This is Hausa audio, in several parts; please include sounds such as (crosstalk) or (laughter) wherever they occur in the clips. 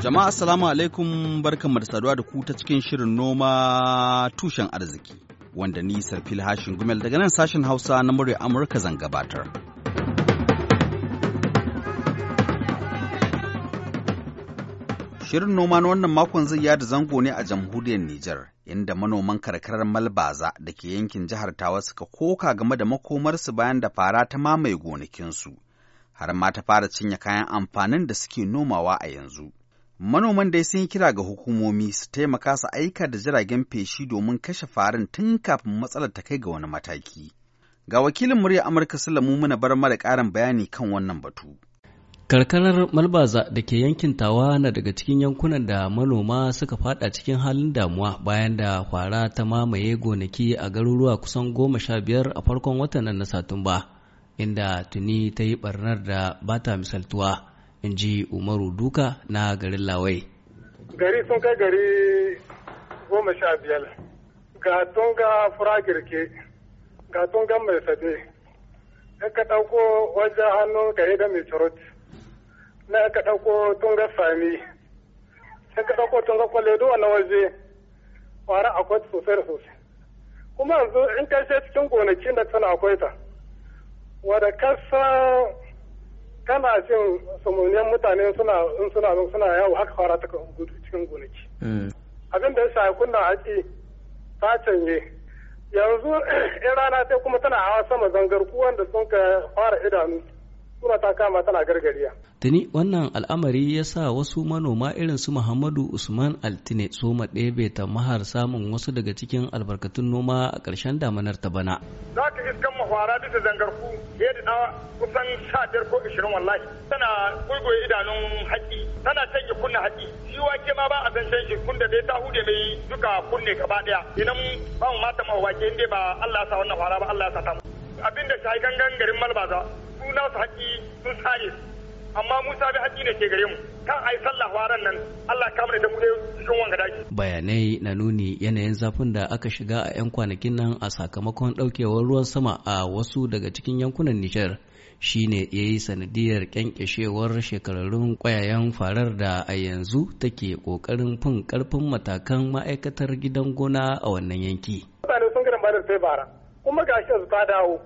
Jama'a assalamu alaikum barkanmu da saduwa da ku ta cikin shirin noma tushen arziki wanda ni Sarfil Hashin Gumel daga nan sashen Hausa na murya Amurka zan gabatar. Shirin noma na wannan makon zai yada zango ne a jamhuriyar Nijar, inda manoman karkarar Malbaza da ke yankin jihar Tawa suka koka game da makomarsu bayan da fara ta mamaye gonakinsu, har ma ta fara cinye kayan amfanin da suke nomawa a yanzu. Manoman dai sun yi kira ga hukumomi su taimaka su aika da jiragen feshi domin kashe farin tun kafin matsalar ta kai ga wani mataki. Ga wakilin murya Amurka Sulamu muna bar mara ƙarin bayani kan wannan batu. Karkarar Malbaza da ke yankin Tawa na daga cikin yankunan da manoma suka fada cikin halin damuwa bayan da kwara ta mamaye gonaki a garuruwa kusan goma sha biyar a farkon watan nan na Satumba, inda tuni ta yi barnar da bata misaltuwa. in ji umaru duka na garin lawai gari sun kai gari goma sha biyar ga tunga fura girke ga tunga mai sade ka ɗauko wajen hannun gari da mai turut na ka ɗauko tunga sami sai ka ɗauko tunga duwa na waje kwara akwai sosai da sosai kuma yanzu in kai cikin gonakin da tana akwai ta wadda kasa kana jin samuniyan mutane suna in suna suna yawo haka fara ta cikin gonaki mm. abin da ya shafi kunna haƙi ta canje yanzu (clears throat) in rana sai kuma tana hawa sama zangar kuwan da sun ka fara idanu suna ta kama tana gargariya. Tuni wannan al'amari ya sa wasu manoma irin su Muhammadu Usman Altine su ɗebe ta mahar samun wasu daga cikin albarkatun noma a ƙarshen damanar ta bana. Za ka iskan mahwara bisa zangarku ku da kusan sha biyar ko ishirin wallahi tana gurgure idanun haƙi tana canje kunna haƙi shi wake ma ba a san shi kunda dai ta hude mai duka kunne gaba ɗaya idan ba mu mata mahwake inda ba Allah ya sa wannan hwara ba Allah ya sa ta mu. Abin da shi gangan garin Malbaza su haƙi sun sare amma Musa bai haƙi ne ke gare mu kan ai sallah waran nan Allah kamar da mu dai cikin wanga daki bayanai na nuni yanayin zafin da aka shiga a yan kwanakin nan a sakamakon daukewar ruwan sama a wasu daga cikin yankunan Nijar shine ya yi sanadiyar kyankyashewar shekarun kwayayen farar da a yanzu take kokarin fin karfin matakan ma'aikatar gidan gona a wannan yanki. Mutane sun gina ba da sai bara kuma su ta dawo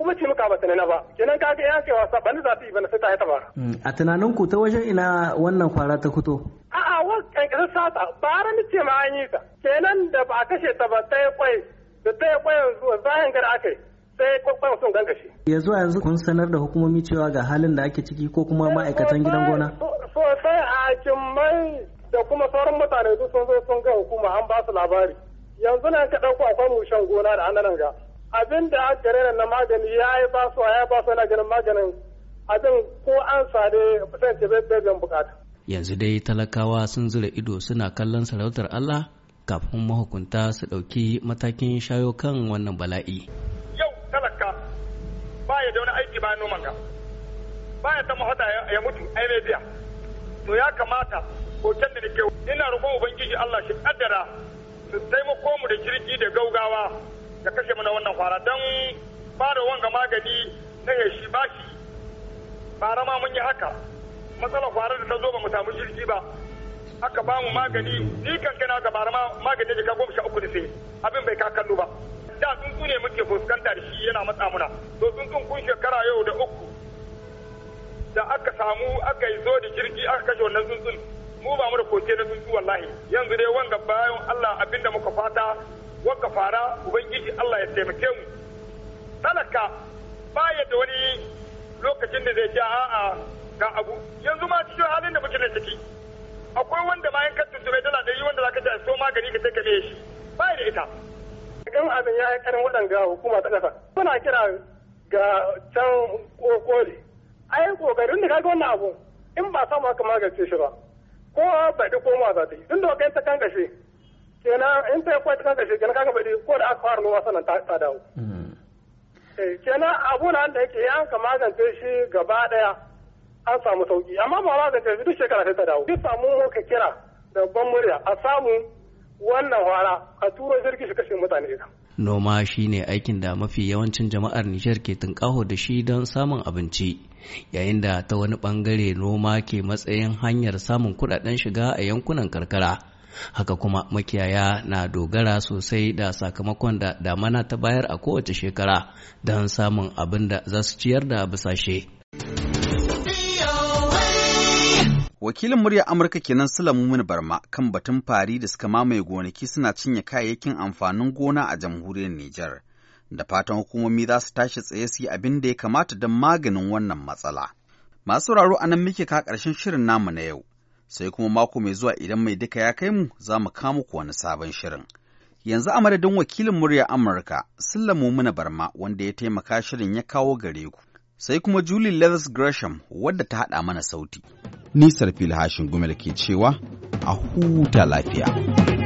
kuma ce muka ba na ba kenan ka ya yake wasa ban za ta yi bana sai ta haita ba mm, a tunanin ku ta wajen ina wannan kwara ta fito a'a wannan kasar sata bara ni ce ma an yi ta kenan da ba kashe ta ba sai kwai da sai kwai yanzu zahin gar akai sai kwai sun gangashi ya zuwa yanzu kun sanar da hukumomi cewa ga halin da ake ciki ko kuma ma'aikatan gidan gona sosai Kimmai da kuma sauran mutane sun zo sun ga hukuma an ba su labari yanzu nan ka dauko akwai mushen gona da an nan ga abin da aka rena na magani ya yi ba su ya ba su na ganin maganin abin ko an sade kusan ce bai bai bukata. Yanzu dai talakawa sun zura ido suna kallon sarautar Allah kafin mahukunta su ɗauki matakin shayo kan wannan bala'i. Yau talaka ba ya da wani aiki ba noman ka ba ya ta mahota ya mutu ai bai biya. To ya kamata hoton da nake ina roƙon Ubangiji Allah shi kaddara su taimako mu da jirgi da gaugawa da kashe mana wannan kwara don ba da wanga magani na ya ba bashi bara ma mun yi haka matsala kwarar da ta zo ba mu samu jirgi ba aka ba mu magani ni kankana ka bara ma magani da ka goma sha uku da sai abin bai ka kallo ba da tsuntsu ne muke fuskanta da shi yana matsa muna to tsuntsun kun shekara yau da uku da aka samu aka yi zo da jirgi aka kashe wannan tsuntsun mu ba mu da koke na tsuntsu wallahi yanzu dai wanga bayan Allah abinda muka fata wanka fara ubangiji Allah ya taimake mu talaka baya da wani lokacin da zai ja a ga abu yanzu ma cikin halin da muke ya ciki akwai wanda ma yankan tuntube dala yi wanda zaka ja so magani ka sai ka me shi baya da ita kan abin ya yi karin waɗanda hukuma ta ƙasa muna kira ga can kokoli a yi kokarin da kaga wannan abu in ba samu haka magance shi ba ko bai da koma za ta yi tun da kai ta kan kashe kenan in ta kwai kan kashe kenan kaga bari ko da aka fara noma sanan ta dawo mm. eh, kenan abu da yake an ka magance shi gaba daya an samu sauki amma ba magance shi duk shekara sai ta dawo duk samu muka kira da ban murya a samu wannan hwara a turo jirgi shi kashe mutane ita noma shine aikin da mafi yawancin jama'ar Nijar ke tunƙaho da shi don samun abinci yayin da ta wani bangare noma ke matsayin hanyar samun kudaden shiga a yankunan karkara haka kuma makiyaya na dogara sosai da sakamakon da damana ta bayar a kowace shekara don samun abin da za su ciyar da bisashe. Wakilin murya Amurka kenan sula mumin Barma kan batun fari da suka mamaye gonaki suna cinye kayayyakin amfanin gona a jamhuriyar Nijar. Da fatan hukumomi za su tashi tsaye su yi abin da ya kamata don maganin wannan matsala. Masu sauraro a nan muke ka ƙarshen shirin namu na yau. sai kuma mako mai zuwa idan mai duka ya kai mu za mu kama ku wani sabon shirin. Yanzu a madadin wakilin murya Amurka, lamu Muna Barma wanda ya taimaka shirin ya kawo gare ku. Sai kuma Julie Leathers Gresham wadda ta haɗa mana sauti. Nisar filhashin gumel ke cewa a huta lafiya.